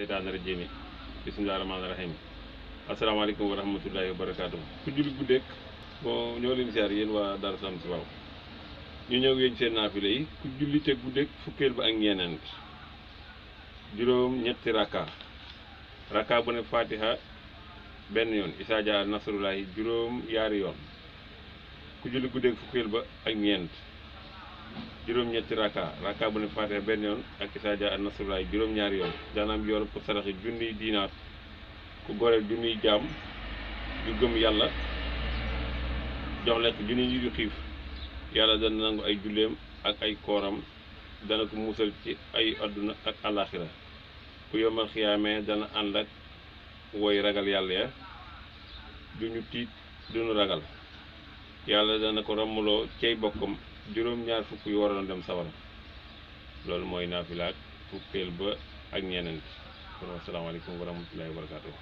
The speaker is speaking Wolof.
seytaane rajiim bisimilah rahmaani rahiim asalaamaaleykum wa rahmatullahi wa barakaatu. ku jullit bu nekk bon ñoo leen siyaar waa Darou Salam ñu ñëw yéen seen naafile yi ku jullite bu nekk fukkeel ba ak ñeneent juróom ñetti rakka rakka bu ne Fatiha benn yoon Isaa Jaa Nasrullahi juróom yaari yoon ku julli guddeeg fukkeel ba ak ñeent juróom-ñetti raka raka bu ne faatee benn yoon ak isaaja ak nasrulaay juróom-ñaari yoon daanaam yoon pour saraxi junniy diinaar ku goreel junniy jaam yu gëm yàlla jox lekk junniy yu xiif yàlla dana nangu ay julleem ak ay kooram dana ko musal ci ay adduna ak alaxira ku yomal xiyaamee dana ànd ak woy ragal yàlla ya ñu tiit duñu ragal yàlla dana ko ràmmuloo cey bokkam juróom-ñaar fukk yu waroon dem sawara loolu mooy naafilaak fukkeel ba ak ñeneent kon asalaamaaleykum wa rahmatullahi wa barakatuh